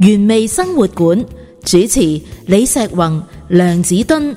原味生活館主持李碩宏、梁梓敦，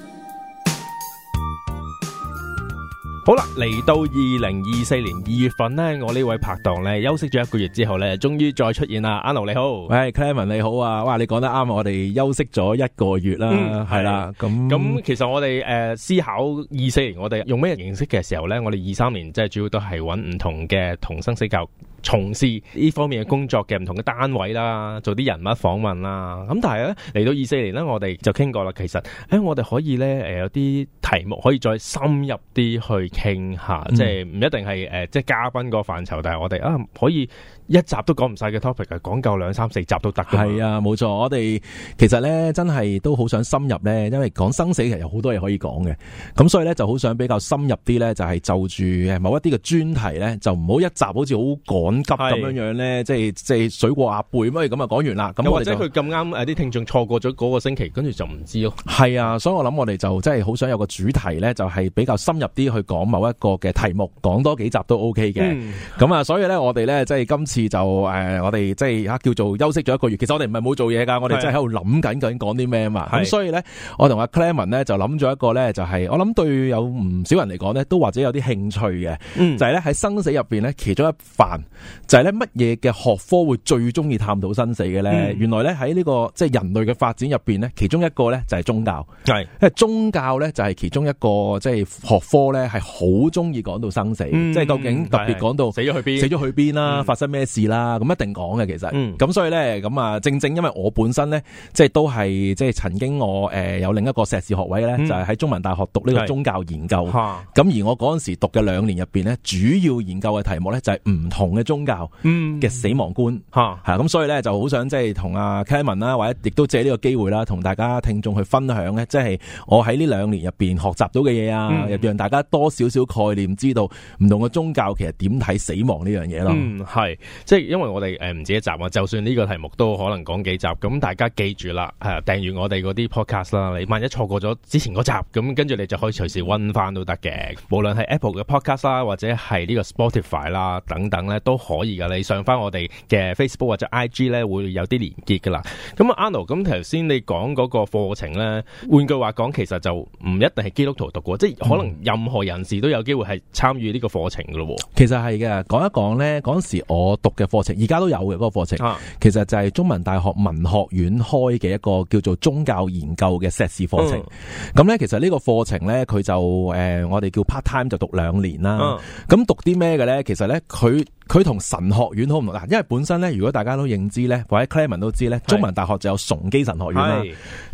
好啦，嚟到二零二四年二月份呢，我呢位拍檔咧休息咗一個月之後呢，終於再出現啦。阿 n、no, 你好，喂 Clement 你好啊！哇，你講得啱，我哋休息咗一個月啦，係、嗯、啦，咁咁、嗯嗯、其實我哋誒、呃、思考二四年我哋用咩形式嘅時候呢，我哋二三年即係主要都係揾唔同嘅同生死教。從事呢方面嘅工作嘅唔同嘅單位啦，做啲人物訪問啦。咁但係咧，嚟到二四年呢，我哋就傾過啦。其實我哋可以呢，有啲題目可以再深入啲去傾下，嗯、即係唔一定係、呃、即係嘉賓個範疇，但係我哋啊可以。一集都講唔晒嘅 topic 啊，講夠兩三四集都得嘅。係啊，冇錯。我哋其實咧，真係都好想深入咧，因為講生死其實有好多嘢可以講嘅。咁所以咧，就好想比較深入啲咧，就係、是、就住某一啲嘅專題咧，就唔好一集好似好趕急咁樣樣咧，是即係即係水過鴨背咁樣咁啊講完啦。我又或者佢咁啱誒，啲聽眾錯過咗嗰個星期，跟住就唔知咯。係啊，所以我諗我哋就真係好想有個主題咧，就係、是、比較深入啲去講某一個嘅題目，講多幾集都 OK 嘅。咁啊、嗯，所以咧我哋咧即係今次。次就誒、呃、我哋即係、啊、叫做休息咗一個月。其實我哋唔係冇做嘢㗎，我哋即係喺度諗緊究竟講啲咩啊嘛。咁所以咧，我同阿 Clement 咧就諗咗一個咧，就係我諗對有唔少人嚟講咧，都或者有啲興趣嘅，嗯、就係咧喺生死入邊咧，其中一範就係咧乜嘢嘅學科會最中意探討生死嘅咧？嗯、原來咧喺呢個即係、就是、人類嘅發展入邊咧，其中一個咧就係宗教，係因為宗教咧就係其中一個即係學科咧係好中意講到生死，嗯、即係究竟特別講到死咗去邊死咗去邊啦，嗯、發生咩？事啦，咁一定講嘅，其實，咁、嗯、所以呢，咁啊，正正因為我本身呢，即係都係即係曾經我誒有另一個碩士學位呢，嗯、就係喺中文大學讀呢個宗教研究，咁是而我嗰陣時讀嘅兩年入邊呢，主要研究嘅題目呢，就係唔同嘅宗教嘅死亡觀，咁、嗯、是是 所以呢，就好想即係同阿 Kevin 啦，或者亦都借呢個機會啦，同大家聽眾去分享呢，即係我喺呢兩年入邊學習到嘅嘢啊，嗯、讓大家多少少概念知道唔同嘅宗教其實點睇死亡呢樣嘢咯，係。嗯即係因為我哋誒唔止一集啊，就算呢個題目都可能講幾集，咁大家記住啦，係、啊、訂閱我哋嗰啲 podcast 啦。你萬一錯過咗之前嗰集，咁跟住你就可以隨時溫翻都得嘅。無論係 Apple 嘅 podcast 啦，或者係呢個 Spotify 啦等等咧，都可以噶。你上翻我哋嘅 Facebook 或者 IG 咧，會有啲連結噶啦。咁啊，Anu，咁頭先你講嗰個課程咧，換句話講，其實就唔一定係基督徒讀過，即係可能任何人士都有機會係參與呢個課程噶咯。其實係嘅，講一講咧，嗰陣時我。讀嘅課程而家都有嘅嗰個課程，其實就係中文大學文學院開嘅一個叫做宗教研究嘅碩士課程。咁咧，其實呢個課程咧，佢就誒，我哋叫 part time 就讀兩年啦。咁讀啲咩嘅咧？其實咧，佢佢同神學院好唔同嗱，因為本身咧，如果大家都認知咧，或者 Clayman 都知咧，是 中文大學就有崇基神學院啦。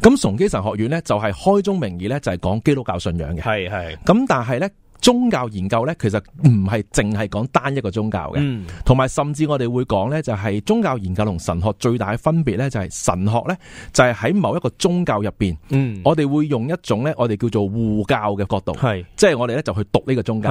咁是 崇基神學院咧，就係開宗明義咧，就係講基督教信仰嘅。係係是是。咁但係咧。宗教研究呢，其實唔係淨係講單一個宗教嘅，同埋、嗯、甚至我哋會講呢，就係宗教研究同神學最大嘅分別呢，就係神學呢，就係喺某一個宗教入邊，嗯、我哋會用一種呢，我哋叫做護教嘅角度，是即係我哋呢，就去讀呢個宗教。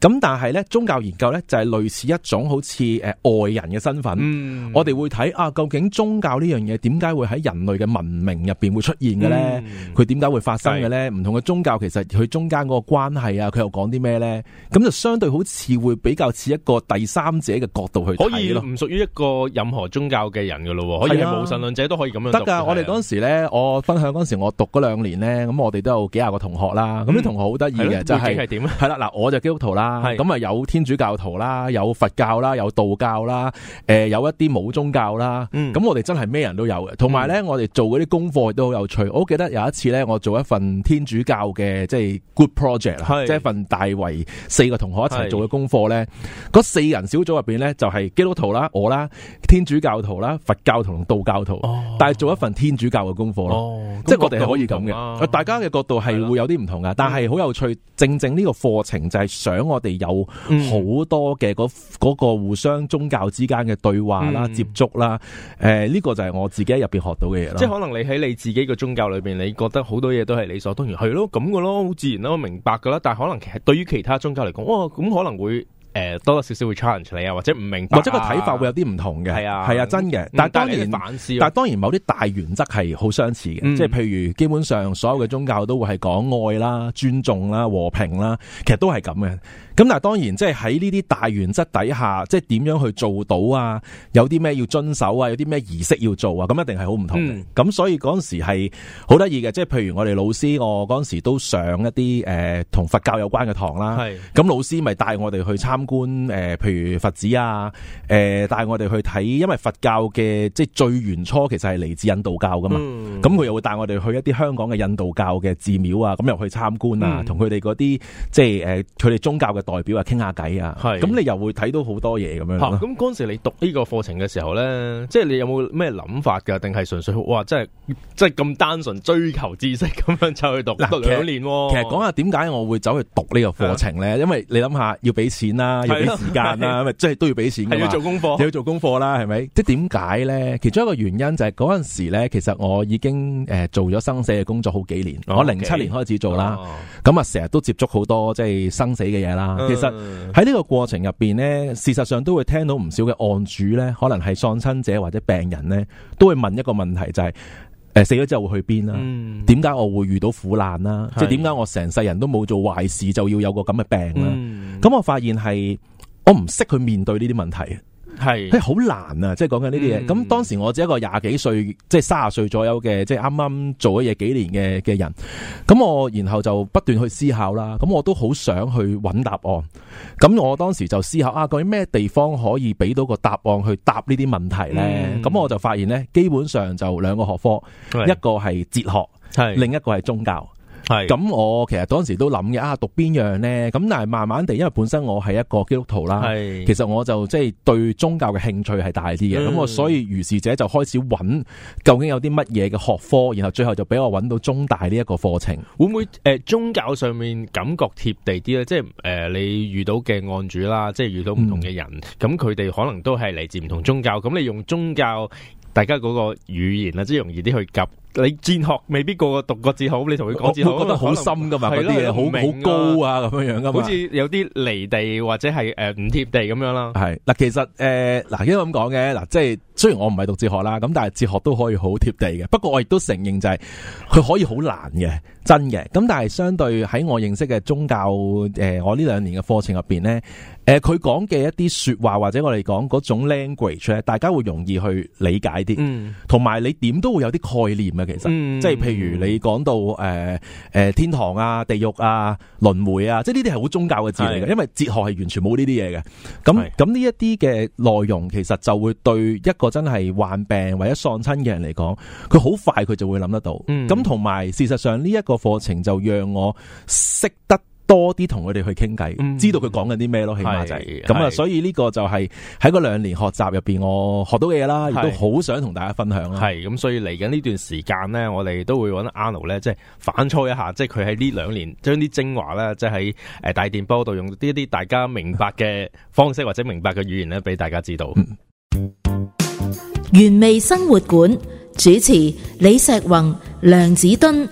咁但係咧，宗教研究咧，就係類似一種好似誒，外人嘅身份，嗯、我哋會睇啊，究竟宗教呢樣嘢點解會喺人類嘅文明入邊會出現嘅咧？佢點解會發生嘅咧？唔是的 同嘅宗教其實佢中間嗰個關係啊，佢又講啲咩咧？咁就相對好似會比較似一個第三者嘅角度去睇咯，唔屬於一個任何宗教嘅人噶咯，的啊、可以係無神論者都可以咁樣得噶。我哋嗰陣時咧，我分享嗰陣時我讀嗰兩年咧，咁我哋都有幾廿個同學啦，咁啲、嗯、同學好得意嘅就係，係啦嗱，我就基督徒啦。係咁啊！有天主教徒啦，有佛教啦，有道教啦，誒，有一啲冇宗教啦。咁我哋真係咩人都有嘅。同埋咧，我哋做嗰啲功課亦都好有趣。我記得有一次咧，我做一份天主教嘅即係 good project，即係一份大圍四個同學一齊做嘅功課咧。嗰四人小組入邊咧，就係基督徒啦、我啦、天主教徒啦、佛教同道教徒。但係做一份天主教嘅功課咯，即係我哋係可以咁嘅。大家嘅角度係會有啲唔同噶，但係好有趣。正正呢個課程就係想我。我哋有好多嘅嗰、嗯那個那個互相宗教之間嘅對話啦、嗯、接觸啦，誒、呃，呢、這個就係我自己喺入邊學到嘅嘢啦。即係可能你喺你自己嘅宗教裏邊，你覺得好多嘢都係理所當然，係咯咁嘅咯，好自然咯，明白噶啦。但係可能其實對於其他宗教嚟講，咁、哦、可能會誒、呃、多多少少會 challenge 你啊，或者唔明白、啊，白，或者個睇法會有啲唔同嘅。係啊，係啊，真嘅。但係當然，反思，但係當然，某啲大原則係好相似嘅。嗯、即係譬如，基本上所有嘅宗教都會係講愛啦、嗯、尊重啦、和平啦，其實都係咁嘅。咁嗱，但當然即係喺呢啲大原則底下，即係點樣去做到啊？有啲咩要遵守啊？有啲咩儀式要做啊？咁一定係好唔同嘅。咁、嗯、所以嗰陣時係好得意嘅，即係譬如我哋老師我嗰陣時都上一啲誒同佛教有關嘅堂啦。咁係老師咪帶我哋去參觀誒、呃、譬如佛寺啊，誒、呃、帶我哋去睇，因為佛教嘅即係最原初其實係嚟自印度教噶嘛。咁佢、嗯、又會帶我哋去一啲香港嘅印度教嘅寺廟啊，咁又去參觀啊，同佢哋嗰啲即係誒佢哋宗教嘅。代表啊，傾下偈啊，係咁你又會睇到好多嘢咁樣，咁嗰、啊、時你讀呢個課程嘅時候咧，即係你有冇咩諗法噶？定係純粹哇，係即係咁單純追求知識咁樣走去讀？嗱、啊，兩年、啊、其實講下點解我會走去讀個課呢個課程咧？啊、因為你諗下要俾錢啦，要俾、啊、時間啦、啊，即係、啊、都要俾錢嘅。要做功課，要做功課啦，係咪？即係點解咧？其中一個原因就係嗰陣時咧，其實我已經誒做咗生死嘅工作好幾年，哦、我零七年開始做啦，咁啊成日都接觸好多即係生死嘅嘢啦。其實喺呢個過程入邊呢，事實上都會聽到唔少嘅案主呢，可能係喪親者或者病人呢，都會問一個問題，就係、是、誒、呃、死咗之後會去邊啦？點解我會遇到苦難啦？即係點解我成世人都冇做壞事就要有個咁嘅病啦？咁、嗯、我發現係我唔識去面對呢啲問題。係，好是、欸、難啊！即係講緊呢啲嘢。咁、嗯、當時我只一個廿幾歲，即係三十歲左右嘅，即係啱啱做咗嘢幾年嘅嘅人。咁我然後就不斷去思考啦。咁我都好想去揾答案。咁我當時就思考啊，究竟咩地方可以俾到個答案去答呢啲問題呢？咁、嗯、我就發現呢，基本上就兩個學科，嗯、一個係哲學，係是另一個係宗教。係咁，我其實當時都諗嘅啊，讀邊樣咧？咁但係慢慢地，因為本身我係一個基督徒啦，是其實我就即係、就是、對宗教嘅興趣係大啲嘅。咁、嗯、我所以如是者就開始揾究竟有啲乜嘢嘅學科，然後最後就俾我揾到中大呢一個課程。會唔會誒、呃、宗教上面感覺貼地啲咧？即係誒、呃、你遇到嘅案主啦，即係遇到唔同嘅人，咁佢哋可能都係嚟自唔同宗教。咁你用宗教大家嗰個語言啊，即係容易啲去及。你轉學未必個個讀過哲學。你同佢講哲學，我覺得好深噶嘛，嗰啲嘢好高啊，咁樣樣噶，好似有啲離地或者係誒唔貼地咁樣啦。係嗱，其實誒嗱，應該咁講嘅嗱，即係雖然我唔係讀哲學啦，咁但係哲學都可以好貼地嘅。不過我亦都承認就係、是、佢可以好難嘅，真嘅。咁但係相對喺我認識嘅宗教，誒、呃，我呢兩年嘅課程入邊咧，誒、呃，佢講嘅一啲說話或者我哋講嗰種 language 呢，大家會容易去理解啲，嗯，同埋你點都會有啲概念。其實，即係譬如你講到誒誒、呃呃、天堂啊、地獄啊、輪迴啊，即係呢啲係好宗教嘅字嚟嘅，因為哲學係完全冇呢啲嘢嘅。咁咁呢一啲嘅內容，其實就會對一個真係患病或者喪親嘅人嚟講，佢好快佢就會諗得到。咁同埋事實上呢一個課程就讓我識得多啲同佢哋去傾偈，嗯、知道佢講緊啲咩咯，起碼就係咁啊！所以呢個就係喺嗰兩年學習入邊，我學到嘅嘢啦，是亦都好想同大家分享啦。係咁，所以嚟緊呢段時間呢，我哋都會揾阿 No 咧，即係反抽一下，即係佢喺呢兩年將啲精華呢，即係誒大電波度用呢啲大家明白嘅方式或者明白嘅語言呢，俾大家知道。原味、嗯、生活館主持李碩宏、梁梓敦。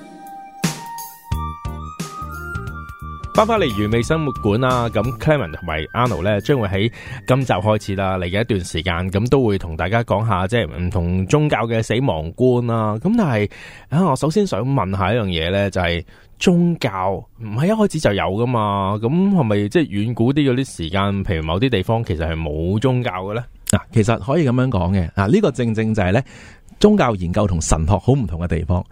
翻翻嚟完美生活館啊！咁 Clement 同埋 Arnold 咧，將會喺今集開始啦。嚟嘅一段時間，咁都會同大家講下，即係唔同宗教嘅死亡觀啦。咁但係啊，我首先想問下一樣嘢咧，就係宗教唔係一開始就有噶嘛？咁係咪即係遠古啲嗰啲時間，譬如某啲地方其實係冇宗教嘅咧？嗱，其實可以咁樣講嘅。嗱，呢個正正就係咧，宗教研究同神學好唔同嘅地方。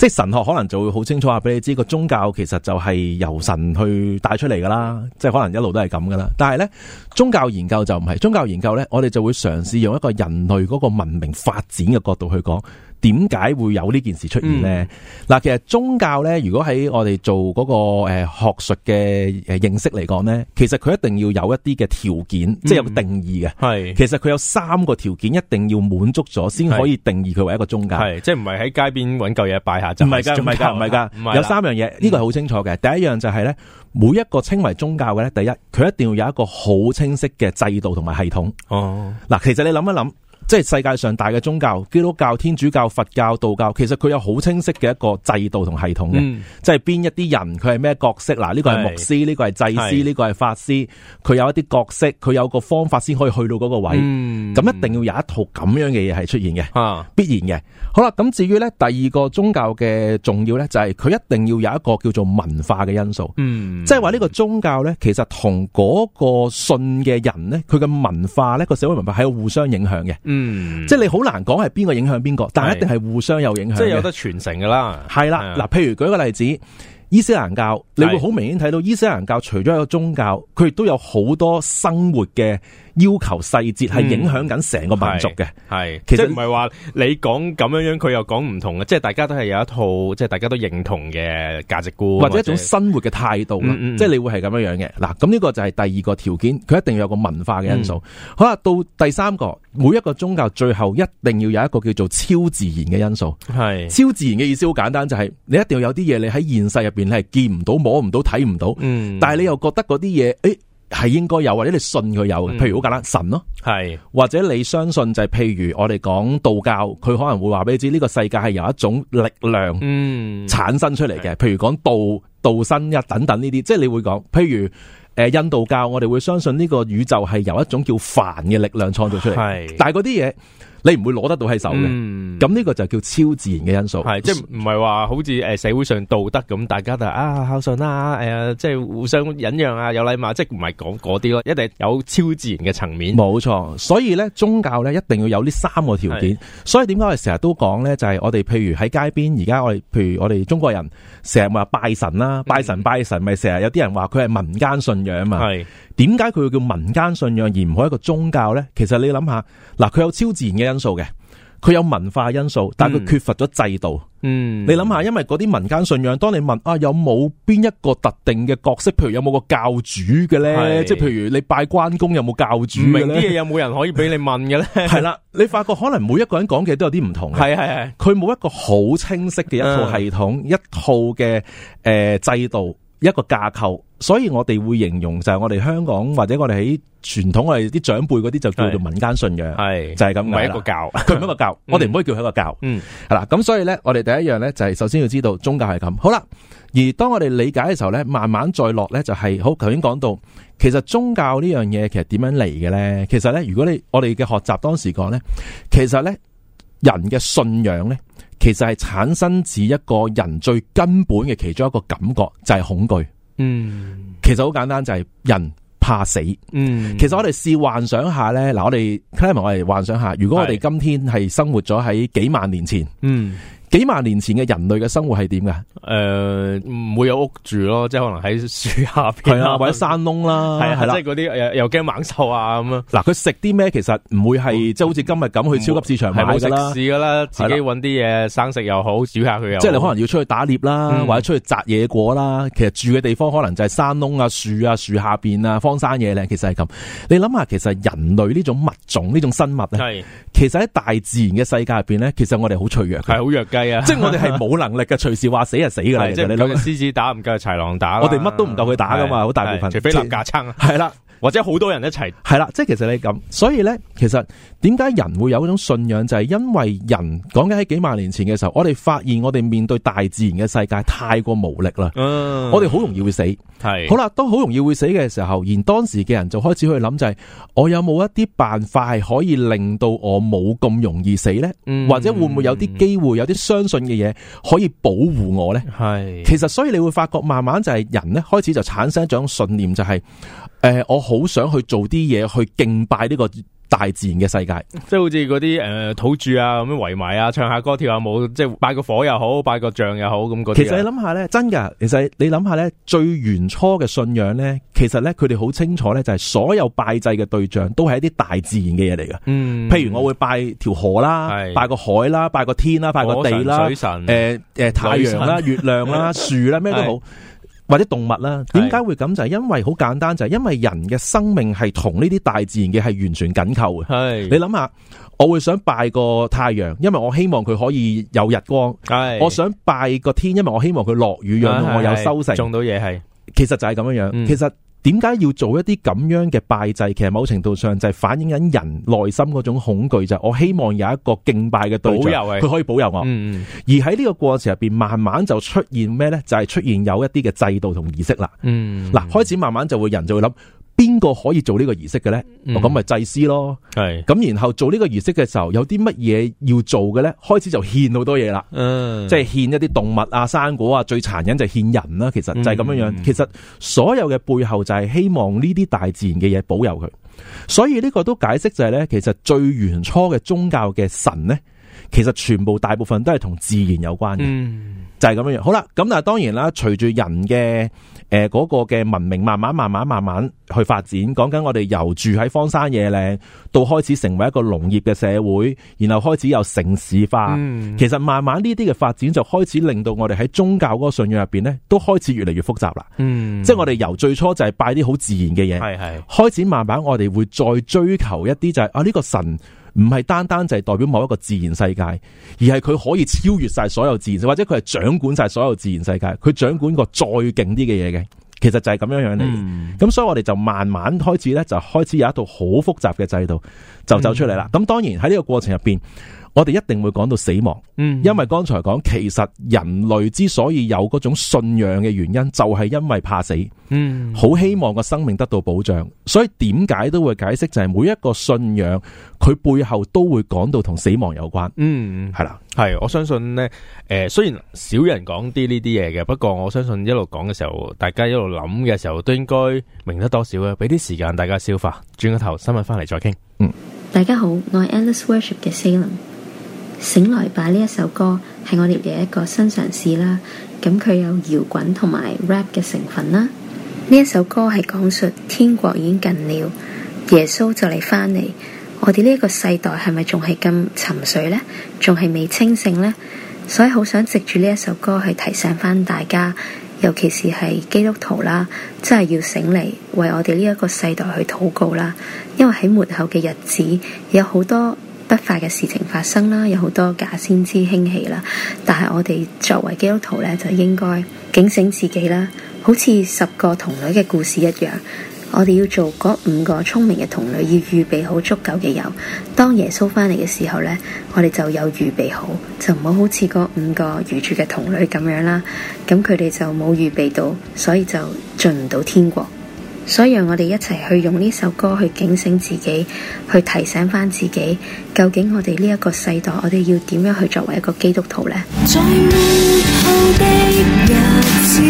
即係神學可能就會好清楚話俾你知個宗教其實就係由神去帶出嚟噶啦，即係可能一路都係咁噶啦。但係呢宗教研究就唔係，宗教研究呢我哋就會嘗試用一個人類嗰個文明發展嘅角度去講。點解會有呢件事出現咧？嗱，其實宗教咧，如果喺我哋做嗰個誒學術嘅誒認識嚟講咧，其實佢一定要有一啲嘅條件，即係有定義嘅。係，其實佢有三個條件，一定要滿足咗先可以定義佢為一個宗教。係，即係唔係喺街邊揾嚿嘢拜下就唔係噶，唔係噶，唔係噶。有三樣嘢，呢個係好清楚嘅。第一樣就係咧，每一個稱為宗教嘅咧，第一佢一定要有一個好清晰嘅制度同埋系統。哦，嗱，其實你諗一諗。即係世界上大嘅宗教，基督教、天主教、佛教、道教，其實佢有好清晰嘅一個制度同系統嘅，嗯、即係邊一啲人佢係咩角色嗱？呢、呢個係牧師，呢是個係祭師，呢是個係法師，佢有一啲角色，佢有個方法先可以去到嗰個位，咁、嗯、一定要有一套咁樣嘅嘢係出現嘅，啊、必然嘅。好啦，咁至於咧第二個宗教嘅重要咧，就係佢一定要有一個叫做文化嘅因素，嗯、即係話呢個宗教咧，其實同嗰個信嘅人咧，佢嘅文化咧個社會文化係有互相影響嘅。嗯嗯，即係你好難講係邊個影響邊個，但係一定係互相有影響，即係、就是、有得傳承噶啦。係啦的，嗱的，譬如舉個例子，伊斯蘭教你會好明顯睇到伊斯蘭教除咗一個宗教，佢亦都有好多生活嘅。要求細節係影響緊成個民族嘅、嗯、係、其實，即係唔係話你講咁樣樣，佢又講唔同嘅，即係大家都係有一套，即係大家都認同嘅價值觀或者一種生活嘅態度、嗯嗯，即係你會係咁樣樣嘅。嗱，咁呢個就係第二個條件，佢一定要有個文化嘅因素。嗯、好啦，到第三個，每一個宗教最後一定要有一個叫做超自然嘅因素，係是超自然嘅意思好簡單、就是，就係你一定要有啲嘢，你喺現實入邊你係見唔到、摸唔到、睇唔到，嗯、但係你又覺得嗰啲嘢，誒、欸。係應該有，或者你信佢有，譬如好簡單，神咯，係、嗯、或者你相信就係譬如我哋講道教，佢可能會話俾你知呢個世界係由一種力量產生出嚟嘅，、嗯，譬如講道，道生一等等呢啲，即係你會講，譬如誒印度教，我哋會相信呢個宇宙係由一種叫梵嘅力量創造出嚟，係、嗯，但係嗰啲嘢。你唔會攞得到喺手嘅，咁呢、嗯、個就叫超自然嘅因素，係即係唔係話好似誒社會上道德咁，大家就啊孝順啦，誒、啊啊、即係互相忍讓啊，有禮貌，即係唔係講嗰啲咯，一定有超自然嘅層面。冇錯，所以咧宗教咧一定要有呢三個條件。是所以點解我哋成日都講咧，就係、是、我哋譬如喺街邊，而家我哋譬如我哋中國人成日話拜神啦、嗯，拜神拜神，咪成日有啲人話佢係民間信仰嘛。點解佢會叫民間信仰而唔係一個宗教呢？其實你諗下，嗱，佢有超自然嘅因素嘅，佢有文化因素，但係佢缺乏咗制度。嗯，你諗下，因為嗰啲民間信仰，當你問啊，有冇邊一個特定嘅角色？譬如有冇個教主嘅呢？即係譬如你拜關公有冇教主呢？唔明啲嘢，有冇人可以俾你問嘅呢？係啦，你發覺可能每一個人講嘅都有啲唔同。係係係，佢冇一個好清晰嘅一套系統、一套嘅誒制度、一個架構。所以我哋會形容就係我哋香港或者我哋喺傳統我哋啲長輩嗰啲就叫做民間信仰。係就係咁，唔係一個教，佢唔係一個教，我哋唔可以叫佢一個教。嗯，係啦。咁所以咧，我哋第一樣咧就係首先要知道宗教係咁。好啦。而當我哋理解嘅時候咧，慢慢再落咧就係好。頭先講到，其實宗教呢樣嘢其實點樣嚟嘅咧？其實咧，如果你我哋嘅學習當時講咧，其實咧人嘅信仰咧，其實係產生自一個人最根本嘅其中一個感覺就係恐懼。嗯，其實好簡單，就係、是、人怕死。嗯，其實我哋試幻想下咧，嗱，我哋 c l a m 我哋幻想下，嗯、如果我哋今天係生活咗喺幾萬年前，嗯。幾萬年前嘅人類嘅生活係點噶？誒，唔會有屋住咯，即係可能喺樹下邊，啊，或者山窿啦，係即係嗰啲又又驚猛獸啊咁啊。嗱，佢食啲咩？其實唔會係即係好似今日咁去超級市場買噶啦，食㗎啦，自己搵啲嘢生食又好，煮下佢又。即係你可能要出去打獵啦，或者出去摘野果啦。其實住嘅地方可能就係山窿啊、樹啊、樹下邊啊、荒山野嶺，其實係咁。你諗下，其實人類呢種物種呢種生物咧，係其實喺大自然嘅世界入邊咧，其實我哋好脆弱嘅係好弱嘅。係啊，即係我哋係冇能力嘅，隨 時話死就死噶啦，對你想即係。兩個獅子打唔夠， 唔夠豺狼打，我哋乜都唔夠佢打噶嘛，好對大部分，除非林架撐。係啦。或者好多人一齊係啦，即係其實你咁，所以咧，其實點解人會有一種信仰，就係、是、因為人講緊喺幾萬年前嘅時候，我哋發現我哋面對大自然嘅世界太過無力啦。嗯、我哋好容易會死。係是好啦，當好容易會死嘅時候，而當時嘅人就開始去諗、就是，就係我有冇一啲辦法係可以令到我冇咁容易死咧？嗯、或者會唔會有啲機會，有啲相信嘅嘢可以保護我咧？係是其實，所以你會發覺慢慢就係人咧開始就產生一種信念、就是，就係誒我。好想去做啲嘢去敬拜呢個大自然嘅世界，即係好似嗰啲誒土著啊咁樣圍埋啊，唱下歌跳下、啊、舞，即係拜個火又好，拜個像又好咁嗰啲。其實你諗下咧，真噶，其實你諗下咧，最原初嘅信仰咧，其實咧佢哋好清楚咧，就係所有拜祭嘅對象都係一啲大自然嘅嘢嚟㗎。嗯，譬如我會拜條河啦，是拜個海啦，拜個天啦，拜個地啦，水神、誒誒太陽啦、神月亮啦、樹啦， 咩都好。或者動物啦，點解會咁就係、是、因為好簡單，就係、是、因為人嘅生命係同呢啲大自然嘅係完全緊扣嘅。係。是的 你諗下，我會想拜個太陽，因為我希望佢可以有日光。是的 我想拜個天，因為我希望佢落雨，讓我有收成，種到嘢。係。其實就係咁樣樣，嗯、其實。點解要做一啲咁樣嘅拜祭？其實某程度上就係反映緊人內心嗰種恐懼，就我希望有一個敬拜嘅對象，佢可以保佑我。嗯嗯。而喺呢個過程入邊，慢慢就出現咩呢？就係出現有一啲嘅制度同儀式啦。嗯。嗱，開始慢慢就會人就會諗。邊個可以做呢個儀式嘅呢？咁咪、嗯、祭司咯。係咁是，然後做呢個儀式嘅時候，有啲乜嘢要做嘅呢？開始就獻好多嘢啦，嗯、即係獻一啲動物啊、生果啊，最殘忍就獻人啦、啊。其實就係咁樣樣。嗯、其實所有嘅背後就係希望呢啲大自然嘅嘢保佑佢。所以呢個都解釋就係、是、呢，其實最原初嘅宗教嘅神呢，其實全部大部分都係同自然有關嘅。嗯就係咁樣樣，好啦，咁但係當然啦，隨住人嘅誒嗰個嘅文明慢慢慢慢慢慢去發展，講緊我哋由住喺荒山野嶺到開始成為一個農業嘅社會，然後開始有城市化，嗯、其實慢慢呢啲嘅發展就開始令到我哋喺宗教嗰個信仰入邊呢，都開始越嚟越複雜啦。嗯，即係我哋由最初就係拜啲好自然嘅嘢，是是開始慢慢我哋會再追求一啲就係、是、啊呢、這個神。唔係單單就係代表某一個自然世界，而係佢可以超越晒所有自然，或者佢係掌管晒所有自然世界，佢掌管個再勁啲嘅嘢嘅，其實就係咁樣樣嚟嘅。咁、嗯、所以我哋就慢慢開始咧，就開始有一套好複雜嘅制度就走出嚟啦。咁、嗯、當然喺呢個過程入邊，我哋一定會講到死亡，嗯，因為剛才講，其實人類之所以有嗰種信仰嘅原因，就係因為怕死，嗯，好希望個生命得到保障，所以點解都會解釋就係每一個信仰佢背後都會講到同死亡有關，嗯，係啦，係我相信呢。誒，雖然少人講啲呢啲嘢嘅，不過我相信一路講嘅時候，大家一路諗嘅時候都應該明得多少啊，俾啲時間大家消化，轉個頭，新聞翻嚟再傾，嗯，大家好，我係 Alice Worship 嘅 Salem。醒來吧，呢一首歌係我哋嘅一個新嘗試啦，咁佢有搖滾同埋 rap 嘅成分啦。呢一首歌係講述天國已經近了，耶穌就嚟翻嚟。我哋呢一個世代係咪仲係咁沉睡呢？仲係未清醒呢？所以好想藉住呢一首歌去提醒翻大家，尤其是係基督徒啦，真係要醒嚟為我哋呢一個世代去禱告啦。因為喺末後嘅日子有好多。不快嘅事情發生啦，有好多假先知興起啦，但係我哋作為基督徒呢就應該警醒自己啦。好似十個童女嘅故事一樣，我哋要做嗰五個聰明嘅童女，要預備好足夠嘅油，當耶穌翻嚟嘅時候呢，我哋就有預備好，就唔好好似嗰五個愚拙嘅童女咁樣啦。咁佢哋就冇預備到，所以就進唔到天國。所以，讓我哋一齊去用呢首歌去警醒自己，去提醒翻自己，究竟我哋呢一個世代，我哋要點樣去作為一個基督徒呢？在末後的日子，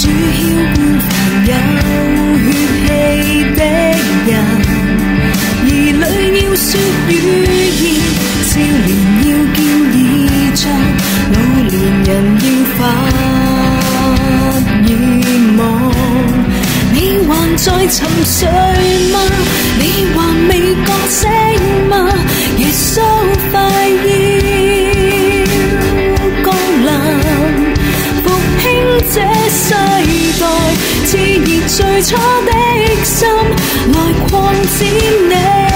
主僑，凡有血氣的人，兒女要説語言，少年要見異象，老年人要奮。在沉睡嗎？你還未覺醒嗎？耶穌快要降臨，復興這世代，熾熱最初的心來擴展你。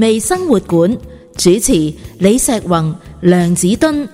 未生活館主持李碩宏、梁梓敦。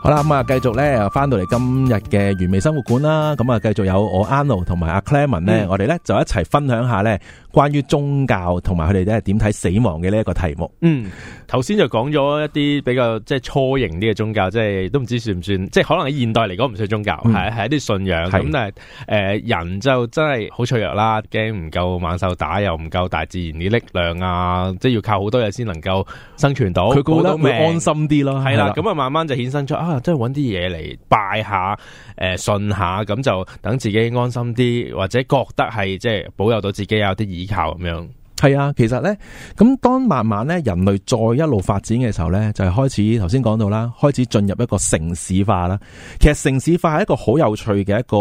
好啦，咁啊，繼續咧，又翻到嚟今日嘅完美生活館啦。咁啊，繼續有我 Anno 同埋阿 Clayman 咧、嗯，我哋咧就一齊分享下咧關於宗教同埋佢哋咧點睇死亡嘅呢一個題目。嗯，頭先就講咗一啲比較即係雛形啲嘅宗教，即係都唔知算唔算，即係可能喺現代嚟講唔算宗教，係係、嗯、一啲信仰咁。是但係誒、呃，人就真係好脆弱啦，驚唔夠猛獸打，又唔夠大自然啲力量啊，即係要靠好多嘢先能夠生存到。佢覺得會安心啲咯，係啦，咁啊，啊就慢慢就衍生出啊！即係揾啲嘢嚟拜下，誒、呃、信下，咁就等自己安心啲，或者覺得係即係保佑到自己有啲依靠咁樣。係啊，其實呢，咁當慢慢呢，人類再一路發展嘅時候呢，就係開始頭先講到啦，開始進入一個城市化啦。其實城市化係一個好有趣嘅一個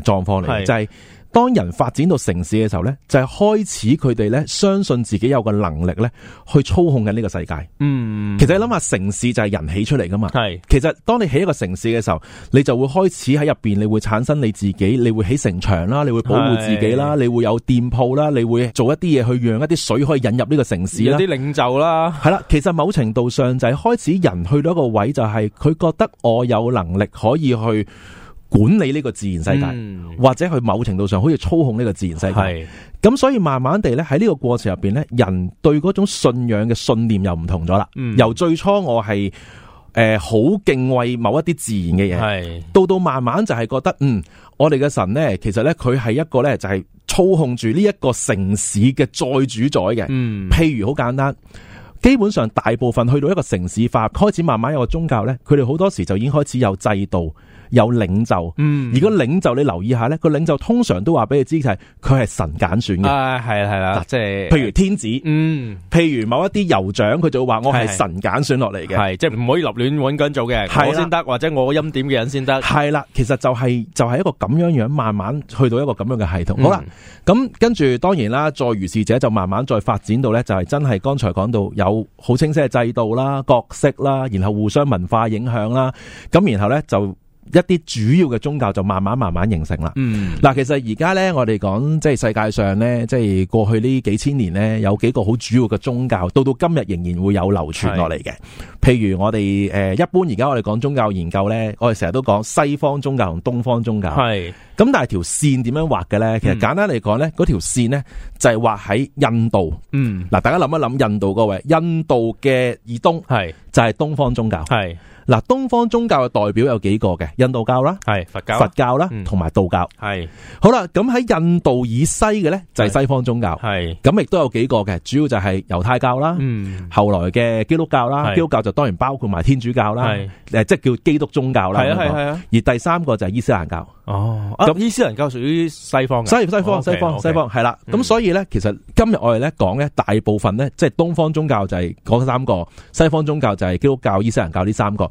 誒狀況嚟，是就係、是。當人發展到城市嘅時候呢，就係開始佢哋呢相信，自己有個能力呢去操控緊呢個世界。嗯，其實你諗下，城市就係人起出嚟㗎嘛。係是。其實當你起一個城市嘅時候，你就會開始喺入邊，你會產生你自己，你會起城牆啦，你會保護自己啦，是你會有店鋪啦，你會做一啲嘢去讓一啲水可以引入呢個城市啦。有啲領袖啦，係啦。其實某程度上就係開始人去到一個位，就係佢覺得我有能力可以去，管理呢個自然世界，嗯、或者佢某程度上可以操控呢個自然世界。咁是所以慢慢地咧，喺呢個過程入邊咧，人對嗰種信仰嘅信念又唔同咗啦。嗯、由最初我係誒好敬畏某一啲自然嘅嘢，到是到慢慢就係覺得，嗯，我哋嘅神咧，其實咧佢係一個咧就係操控住呢一個城市嘅再主宰嘅。嗯，譬如好簡單，基本上大部分去到一個城市化，開始慢慢有個宗教咧，佢哋好多時就已經開始有制度。有領袖，如果領袖你留意下咧，個領袖通常都話俾你知，係佢係神揀選嘅。係啊係啦，即係譬如天子，嗯，譬如某一啲酋長，佢就會話我係神揀選落嚟嘅，係即係唔可以立亂揾緊做嘅，我先得，或者我個欽點嘅人先得。係啦，其實就係就係一個咁樣樣，慢慢去到一個咁樣嘅系統。好啦，咁跟住當然啦，再如是者就慢慢再發展到咧，就係真係剛才講到有好清晰嘅制度啦、角色啦，然後互相文化影響啦，咁然後咧就。一啲主要嘅宗教就慢慢慢慢形成啦。嗯，嗱，其實而家咧，我哋講即係世界上咧，即係過去呢幾千年咧，有幾個好主要嘅宗教，到到今日仍然會有流傳落嚟嘅。是 譬如我哋，誒，一般而家我哋講宗教研究咧，我哋成日都講西方宗教同東方宗教係。咁是 但係條線點樣畫嘅咧？嗯，其實簡單嚟講咧，嗰條線咧就係畫喺印度。嗯，嗱，大家諗一諗印度嗰位，印度嘅以東係就係東方宗教係。是 嗱，東方宗教嘅代表有幾個嘅，印度教啦，係佛教，佛教啦，同埋道教，係好啦。咁喺印度以西嘅咧，就係西方宗教，係，咁亦都有幾個嘅，主要就係猶太教啦，後來嘅基督教啦，基督教就當然包括埋天主教啦，誒，即係叫基督宗教啦，係啊係啊係啊。而第三個就係伊斯蘭教，哦，咁伊斯蘭教屬於西方嘅，屬於西方，西方，西方係啦。咁所以咧，其實今日我哋咧講咧，大部分咧即係東方宗教就係嗰三個，西方宗教就係基督教、伊斯蘭教呢三個。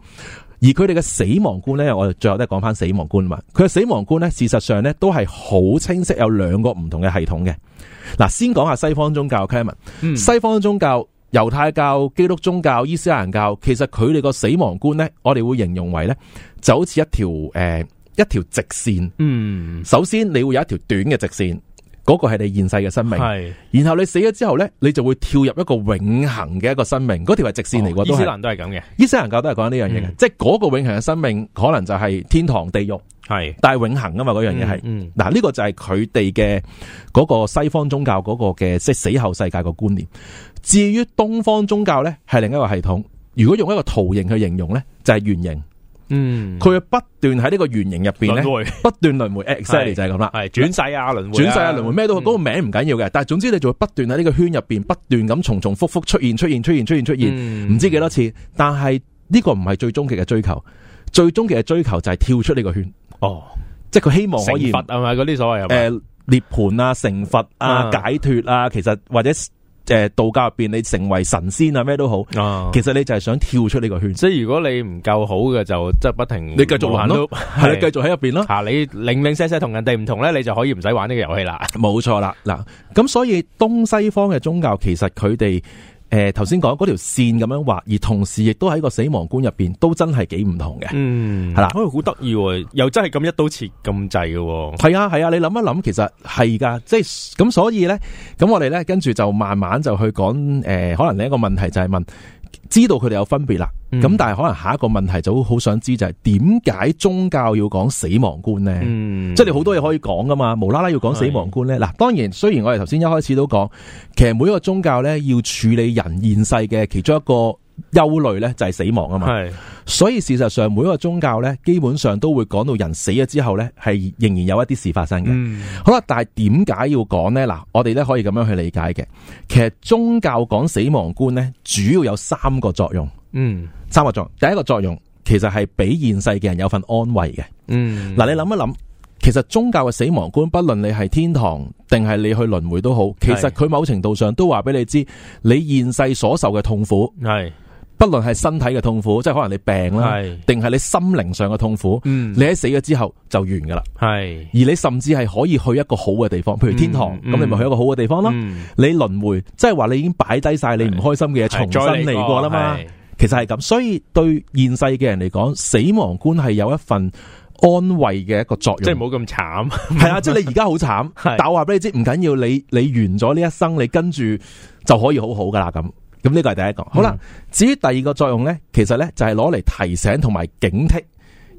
而佢哋嘅死亡觀呢，我哋最後都係講翻死亡觀嘛。佢嘅死亡觀呢，事實上呢都係好清晰，有兩個唔同嘅系統嘅。嗱，先講下西方宗教嘅文。西方宗教，嗯、猶太教、基督宗教、伊斯蘭教，其實佢哋個死亡觀呢，我哋會形容為呢，就好似一條誒一條直線。嗯，首先你會有一條短嘅直線。嗰個係你現世嘅生命，然後你死咗之後咧，你就會跳入一個永恆嘅一個生命。嗰條係直線嚟喎。哦，伊斯蘭都係咁嘅，伊斯蘭教都係講緊呢樣嘢，嗯、即係嗰個永恆嘅生命可能就係天堂地獄、地獄是，係但係永恆啊嘛。嗰樣嘢係嗱呢個就係佢哋嘅嗰個西方宗教嗰個嘅即係死後世界嘅觀念。至於東方宗教咧，係另一個系統。如果用一個圖形去形容咧，就係、是、圓形。嗯，佢不斷喺呢個圓形入邊咧，不斷輪迴，exactly 就係咁啦，係轉世啊，輪迴啊，輪迴，轉世啊，輪迴，輪迴，咩都、嗯，嗰個名唔緊要嘅，但係總之你就會不斷喺呢個圈入邊，不斷咁重重複複出，出，出，出，出，出現，出現、嗯，出現，出現，出現，唔知幾多次，但係呢個唔係最終極嘅追求，最終極嘅追求就係跳出呢個圈，哦，即係佢希望可以成佛係咪嗰啲所謂誒，涅槃、呃、啊，成佛啊，嗯、解脫啊，其實或者。誒，道教入邊你成為神仙啊，咩都好，其實你就係想跳出呢個圈。所以如果你唔夠好嘅，就即係不停你繼續玩咯，係啦，係，係，繼續喺入邊咯。吓，你零零舍舍同人哋唔同咧，你就可以唔使玩呢個遊戲啦。冇錯啦，嗱，咁所以東西方嘅宗教其實佢哋。誒，頭先講嗰條線咁樣畫，而同時亦都喺個死亡觀入邊，都真係幾唔同嘅、嗯啦嗯。嗯，係啦，嗰個好得意，又真係咁一刀切咁滯嘅。係啊，係啊，你諗一諗，其實係噶，即係咁，所以咧，咁我哋咧跟住就慢慢就去講，誒、呃，可能另一個問題就係問。知道佢哋有分別啦，咁但係可能下一個問題就好想知就係點解宗教要講死亡觀呢？嗯、即係你好多嘢可以講噶嘛，無啦啦要講死亡觀呢。嗱，當然，雖然我哋頭先一開始都講，其實每一個宗教呢，要處理人現世嘅其中一個。憂慮咧就係死亡啊嘛，係，所以事實上每一個宗教咧，基本上都會講到人死咗之後咧，係仍然有一啲事發生嘅。嗯，好啦，但係點解要講咧？嗱，我哋咧可以咁樣去理解嘅。其實宗教講死亡觀咧，主要有三個作用。嗯，三個作用。第一個作用其實係俾現世嘅人有份安慰嘅。嗯，嗱，你諗一諗，其實宗教嘅死亡觀，不論你係天堂定係你去輪迴都好，其實佢某程度上都話俾你知，你現世所受嘅痛苦係。不論係身體嘅痛苦，即係可能你病啦，定係是 你心靈上嘅痛苦，嗯、你喺死咗之後就完噶啦。係，是 而你甚至係可以去一個好嘅地方，譬如天堂，咁、嗯、你咪去一個好嘅地方咯。嗯、你輪迴，即係話你已經擺低晒你唔開心嘅嘢，重新嚟過啦嘛。是是其實係咁，所以對現世嘅人嚟講，死亡觀係有一份安慰嘅一個作用。即係唔好咁慘，係啊，即係你而家好慘，但我話俾你知，唔緊要，要，你你完咗呢一生，你跟住就可以好好噶啦咁。咁呢個係第一個，好啦。至於第二個作用咧，其實咧就係攞嚟提醒同埋警惕。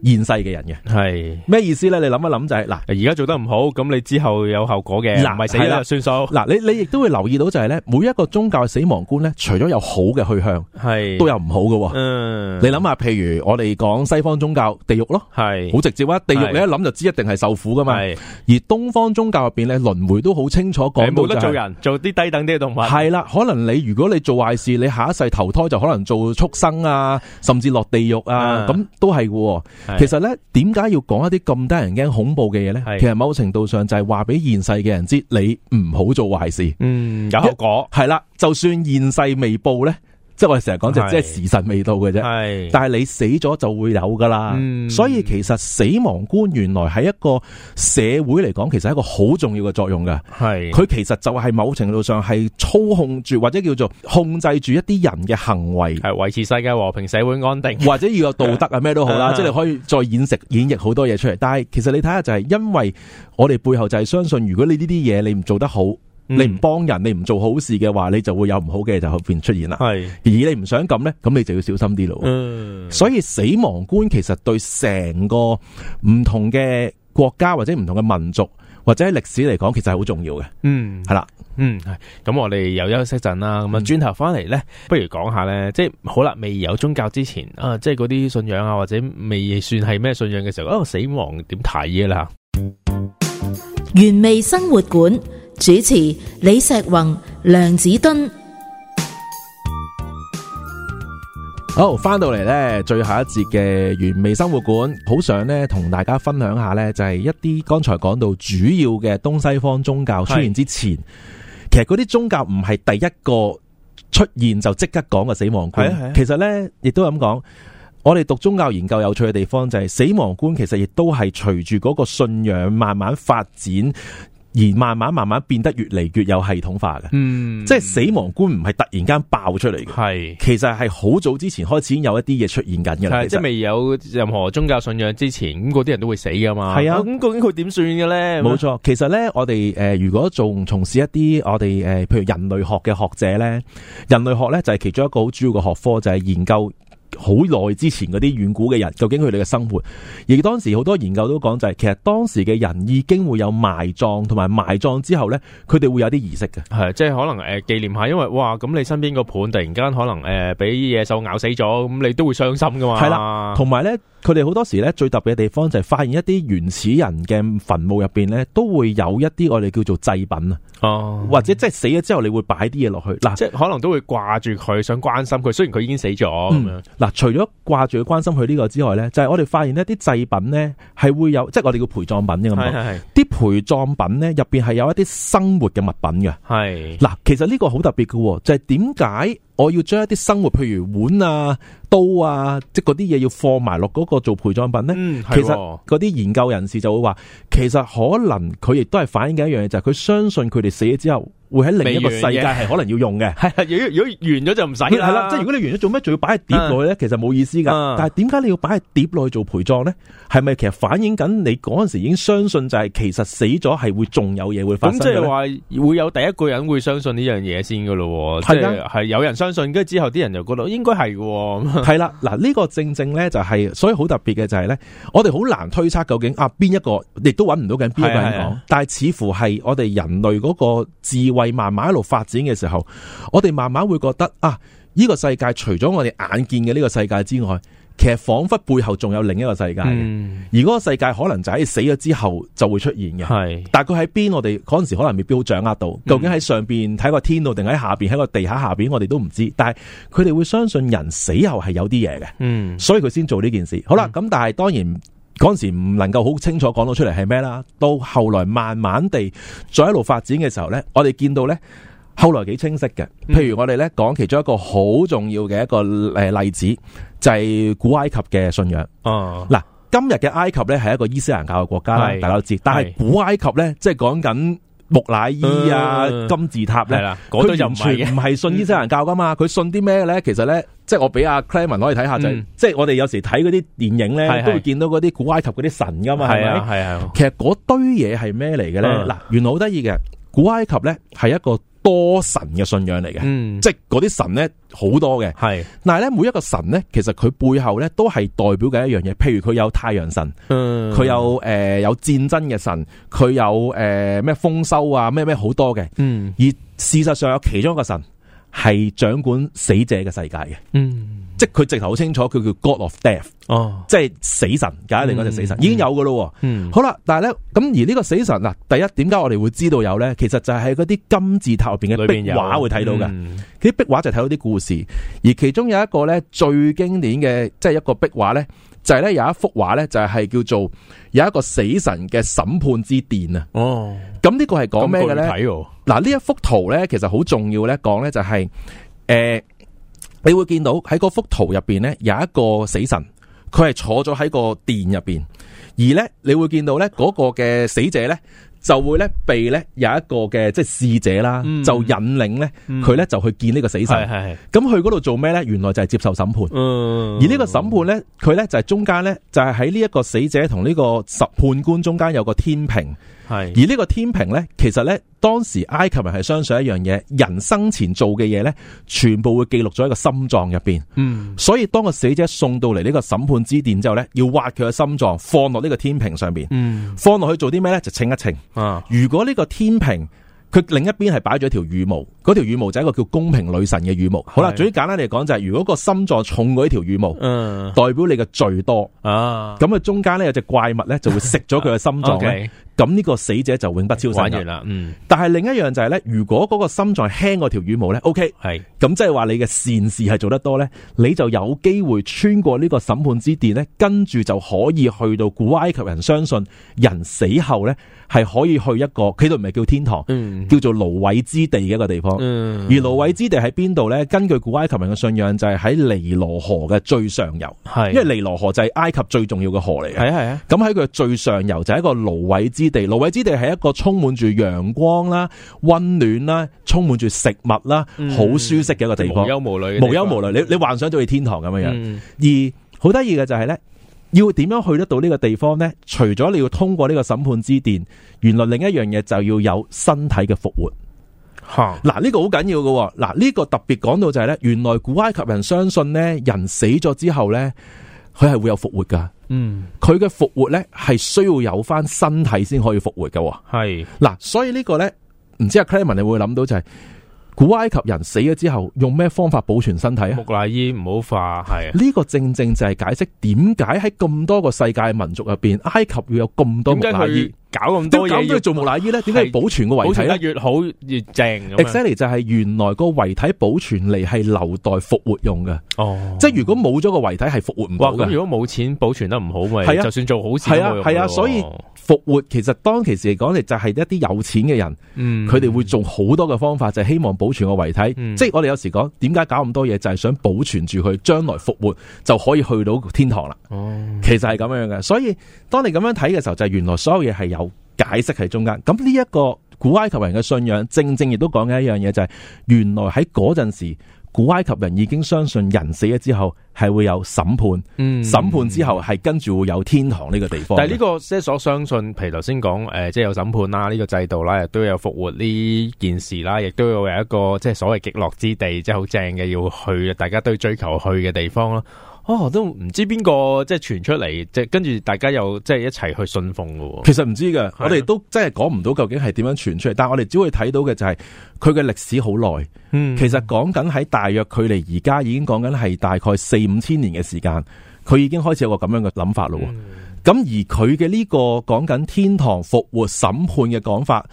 現世嘅人嘅係咩意思咧？你諗一諗就係嗱，而家做得唔好，咁你之後有後果嘅，嗱咪死啦算數。嗱，你你亦都會留意到就係咧，每一個宗教死亡觀咧，除咗有好嘅去向，係都有唔好嘅。嗯，你諗下，譬如我哋講西方宗教地獄咯，係好直接啊！地獄你一諗就知一定係受苦噶嘛。而東方宗教入邊咧，輪回都好清楚講，冇得做人，做啲低等啲嘅動物。係啦，可能你如果你做壞事，你下一世投胎就可能做畜生啊，甚至落地獄啊，咁都係嘅。其實咧，點解要講一啲咁得人驚、恐怖嘅嘢呢？是的 其實某程度上就係話俾現世嘅人知，你唔好做壞事。嗯，有後果係啦，就算現世未報呢，即係我哋成日講就即係時辰未到嘅啫，是是但係你死咗就會有噶啦。嗯、所以其實死亡觀原來喺一個社會嚟講，其實係一個好重要嘅作用㗎。係佢是其實就係某程度上係操控住或者叫做控制住一啲人嘅行為，係維持世界和平、社會安定，或者要有道德啊咩 都好啦。即係你可以再演繹演繹好多嘢出嚟。但係其實你睇下就係因為我哋背後就係相信，如果你呢啲嘢你唔做得好。你唔幫人，你唔做好事嘅話，你就會有唔好嘅嘢，就後邊出現啦。係是而你唔想咁咧，咁你就要小心啲咯。嗯，所以死亡觀其實對成個唔同嘅國家或者唔同嘅民族或者歷史嚟講，其實係好重要嘅、嗯了嗯。嗯，係啦，嗯係。咁我哋又休息陣啦。咁啊、嗯，轉頭翻嚟咧，不如講下咧，即係好啦。未有宗教之前啊，即係嗰啲信仰啊，或者未算係咩信仰嘅時候，哦、啊、死亡點睇嘢啦？原味生活館。主持李碩宏、梁梓敦。好，翻到嚟呢，最後一節嘅原味生活館，好想呢同大家分享下呢，就係一啲剛才講到主要嘅東西方宗教出現之前，是的 其實嗰啲宗教唔係第一個出現就即刻講嘅死亡觀。是的是的其實呢，亦都咁講，我哋讀宗教研究有趣嘅地方就係、是、死亡觀，其實亦都係隨住嗰個信仰慢慢發展。而慢慢慢慢變得越嚟越有系統化嘅，嗯，即係死亡觀唔係突然間爆出嚟嘅，係是，其實係好早之前開始已經有一啲嘢出現緊嘅，是實即係未有任何宗教信仰之前，咁嗰啲人都會死噶嘛，係啊，咁究竟佢點算嘅咧？冇錯，其實咧，我哋誒，如果仲從事一啲我哋誒，譬如人類學嘅學者咧，人類學咧就係其中一個好主要嘅學科，就係、是、研究。好耐之前嗰啲遠古嘅人，究竟佢哋嘅生活，而當時好多研究都講就係，其實當時嘅人已經會有埋葬，同埋埋葬之後呢，佢哋會有啲儀式嘅，係即係可能誒紀、呃、念下，因為哇咁你身邊個伴突然間可能誒俾、呃、野獸咬死咗，咁你都會傷心噶嘛，係啦，同埋呢，佢哋好多時呢，最特別嘅地方就係發現一啲原始人嘅墳墓入邊呢，都會有一啲我哋叫做祭品啊，或者即係死咗之後你會擺啲嘢落去，嗱、啊、即係可能都會掛住佢，想關心佢，雖然佢已經死咗。嗱，除咗掛住去關心佢呢個之外咧，就係、是、我哋發現一啲祭品咧係會有，即、就、係、是、我哋叫陪葬品嘅咁。係啲是陪葬品咧入邊係有一啲生活嘅物品嘅。係，嗱，其實呢個好特別嘅，就係點解？我要將一啲生活，譬如碗啊、刀啊，即係嗰啲嘢要放埋落嗰個做陪葬品咧。嗯、其實嗰啲研究人士就會話，嗯、其實可能佢亦都係反映緊一樣嘢，就係、係、佢相信佢哋死咗之後會喺另一個世界係可能要用嘅完。 如果完咗就唔使係啦。即係 如果你完咗做咩，仲要擺喺碟內咧？其實冇意思噶。嗯、但係點解你要擺喺碟內做陪葬咧？係咪其實反映緊你嗰陣時已經相信，就係其實死咗係會仲有嘢會發生嘅？咁即係話會有第一個人會相信呢樣嘢先噶咯？係啊的，係有人相。相信，跟住之後啲人又覺得應該係嘅，係啦。嗱，呢個正正咧就係、是，所以好特別嘅就係、是、咧，我哋好難推測究竟啊邊一個亦都揾唔到緊邊個人講，是的 但係似乎係我哋人類嗰個智慧慢慢一路發展嘅時候，我哋慢慢會覺得啊，呢、這個世界除咗我哋眼見嘅呢個世界之外，其實仿佛背後仲有另一個世界，嗯、而嗰個世界可能就喺死咗之後就會出現嘅。係是，但係佢喺邊，我哋嗰陣時可能未必好掌握到，嗯、究竟喺上邊睇個天度定喺下邊喺個地下下邊，我哋都唔知道唔知。但係佢哋會相信人死後係有啲嘢嘅，嗯，所以佢先做呢件事。好啦，咁、嗯、但係當然嗰陣時唔能夠好清楚講到出嚟係咩啦。到後來慢慢地再一路發展嘅時候呢，我哋見到呢。後來幾清晰嘅，譬如我哋咧講其中一個好重要嘅一個誒例子，就係古埃及嘅信仰。哦，嗱，今日嘅埃及咧係一個伊斯蘭教嘅國家，大家都知。但係古埃及咧，即係講緊木乃伊啊、金字塔咧，佢完全唔係信伊斯蘭教噶嘛，佢信啲咩咧？其實咧，即係我俾阿 Clayman 可以睇下，就即係我哋有時睇嗰啲電影咧，都會見到嗰啲古埃及嗰啲神噶嘛，係咪？係啊，其實嗰堆嘢係咩嚟嘅咧？嗱，原來好得意嘅，古埃及咧係一個。多神嘅信仰嚟嘅，嗯、即係嗰啲神咧好多嘅，係是。但係咧每一個神咧，其實佢背後咧都係代表嘅一樣嘢。譬如佢有太陽神，佢、嗯、有誒、呃、有戰爭嘅神，佢有誒咩豐收啊咩咩好多嘅。嗯，而事實上有其中一個神係掌管死者嘅世界嘅。嗯。即佢直頭好清楚，佢叫 God of Death，哦、即係死神。假定嗰隻死神、嗯、已經有噶咯。喎、嗯。好啦，但係咧咁而呢個死神嗱，第一點解我哋會知道有咧，其實就係喺嗰啲金字塔入邊嘅壁畫會睇到㗎。佢啲、嗯、壁畫就睇到啲故事，而其中有一個咧最經典嘅，即係一個壁畫咧，就係、是、咧有一幅畫咧，就係叫做有一個死神嘅審判之殿、哦、啊。哦，咁呢個係講咩嘅咧？嗱，呢一幅圖咧，其實好重要咧，講咧就係、是、誒。欸你會見到喺嗰幅圖入邊咧有一個死神，佢係坐咗喺個殿入邊，而咧你會見到咧嗰個嘅死者咧就會咧被咧有一個嘅即係侍者啦，就引領咧佢咧就去見呢個死神。係係咁去嗰度做咩咧？原來就係接受審判。嗯，而呢個審判咧，佢咧就係中間咧就係喺呢一個死者同呢個十判官中間有個天平。係，而呢個天平咧，其實咧，當時埃及人係相信一樣嘢，人生前做嘅嘢咧，全部會記錄咗喺個心臟入邊。嗯，所以當個死者送到嚟，呢個審判之殿之後咧，要挖佢嘅心臟，放落呢個天平上邊。嗯，放落去做啲咩咧？就稱一稱。啊，如果呢個天平佢另一邊係擺咗條羽毛，嗰條羽毛就係一個叫公平女神嘅羽毛。是 好啦，最簡單嚟講就係、是，如果個心臟重過呢條羽毛，嗯，代表你嘅罪多。啊，咁啊，中間咧有隻怪物咧就會食咗佢嘅心臟。 okay 咁呢個死者就永不超生噶但係另一樣就係咧，如果嗰個心臟輕嗰條羽毛咧，OK，係是，咁即係話你嘅善事係做得多咧，你就有機會穿過呢個審判之殿，咧，跟住就可以去到古埃及人相信人死後咧係可以去一個，佢度唔係叫天堂，叫做蘆葦之地嘅一個地方。而蘆葦之地喺邊度咧？根據古埃及人嘅信仰就係喺尼羅河嘅最上游，係，因為尼羅河就係埃及最重要嘅河嚟嘅。係啊，係啊。咁喺佢最上游就係一個蘆葦之。地蘆葦之地係一個充滿住陽光啦、溫暖啦、充滿住食物啦、好、嗯、舒適嘅一個地方。無憂無慮，無憂無慮。你、嗯、你幻想到去天堂咁樣樣，嗯、而好得意嘅就係、是、呢，要點樣去得到呢個地方呢？除咗你要通過呢個審判之殿，原來另一樣嘢就要有身體嘅復活。吓、嗯，嗱呢、呢個好緊要嘅。嗱呢、呢個特別講到就係、是、呢，原來古埃及人相信呢，人死咗之後呢。佢係會有復活噶，嗯，佢嘅復活咧係需要有翻身體先可以復活噶，係，嗱，所以呢個咧，唔知阿 Clayman 你會諗到就係古埃及人死咗之後用咩方法保存身體啊？木乃伊唔好化，係，呢個正正就係解釋點解喺咁多個世界民族入邊，埃及要有咁多木乃伊。搞咁多點解都做木乃伊咧？點解要保存個遺體咧？越好越正。Exactly 就係原來個遺體保存嚟，係留待復活用嘅。哦，oh. 即係如果冇咗個遺體係復活唔到嘅。如果冇錢保存得唔好，咪、啊、就算做好事。係啊，係啊，所以復活其實當其時嚟講，就係、是、一啲有錢嘅人，佢哋、嗯、會做好多嘅方法，就係、是、希望保存個遺體。嗯、即係我哋有時講，點解搞咁多嘢，就係、是、想保存住佢，將來復活就可以去到天堂啦。哦，oh. 其實係咁樣嘅。所以當你咁樣睇嘅時候，就係、是、原來所有嘢係有解釋喺中間，咁呢一個古埃及人嘅信仰，正正亦都講緊一樣嘢，就係原來喺嗰陣時，古埃及人已經相信人死咗之後係會有審判，審判之後係跟住會有天堂呢個地方、嗯。但係呢個即係所相信，譬如頭先講誒，即係有審判啦，呢個制度啦，亦都有復活呢件事啦，亦都有一個即係所謂極樂之地，即係好正嘅要去，大家都追求去嘅地方啦。哦，都唔知邊個即係傳出嚟，即係跟住大家又即係一齊去信奉嘅。其實唔知噶，的我哋都真係講唔到究竟係點樣傳出嚟，的但係我哋只會睇到嘅就係佢嘅歷史好耐。嗯，其實講緊喺大約距離而家已經講緊係大概四五千年嘅時間，佢已經開始有、嗯個咁樣嘅諗法咯。咁而佢嘅呢個講緊天堂復活審判嘅講法。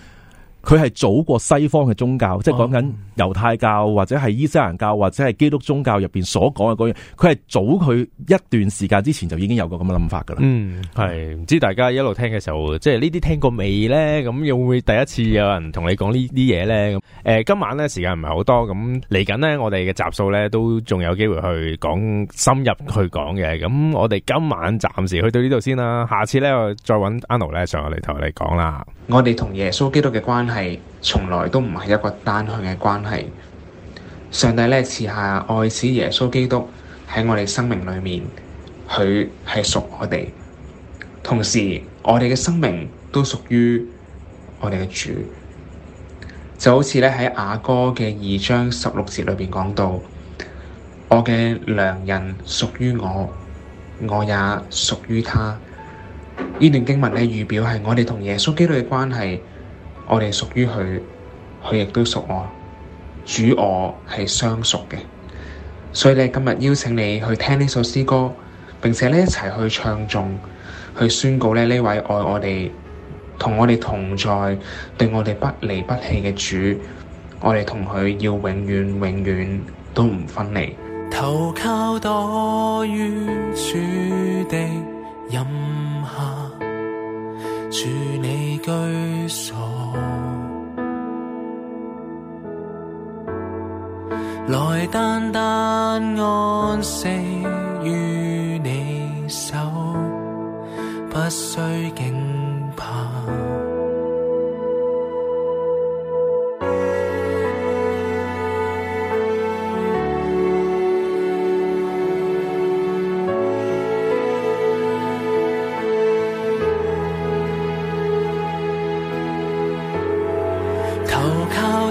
佢係早過西方嘅宗教，即係講緊猶太教或者係伊斯蘭教或者係基督宗教入邊所講嘅嗰樣，佢係早佢一段時間之前就已經有個咁嘅諗法噶啦。嗯，係唔知大家一路聽嘅時候，即係呢啲聽過未呢？咁有會，會第一次有人同你講呢啲嘢呢？誒、呃，今晚呢時間唔係好多，咁嚟緊呢，我哋嘅集數呢都仲有機會去講，深入去講嘅。咁我哋今晚暫時去到呢度先啦，下次呢，再 no、我再揾 Anno 上嚟同我哋講啦。我哋同耶穌基督嘅關係係從來都唔係一個單向嘅關係。上帝呢，賜下愛子耶穌基督喺我哋生命裏面，佢係屬我哋。同時，我哋嘅生命都屬於我哋嘅主。就好似呢，喺雅歌嘅二章十六節裏邊講到：我嘅良人屬於我，我也屬於他。呢段經文呢，預表係我哋同耶穌基督嘅關係。我哋屬於佢，佢亦都屬我，主我係相屬嘅。所以咧，今日邀請你去聽呢首詩歌，並且呢一齊去唱誦，去宣告咧呢位愛我哋、同我哋同在、對我哋不離不棄嘅主，我哋同佢要永遠、永遠都唔分離。投靠多遠處的任。住你居所，來單單安息於你手，不需驚怕。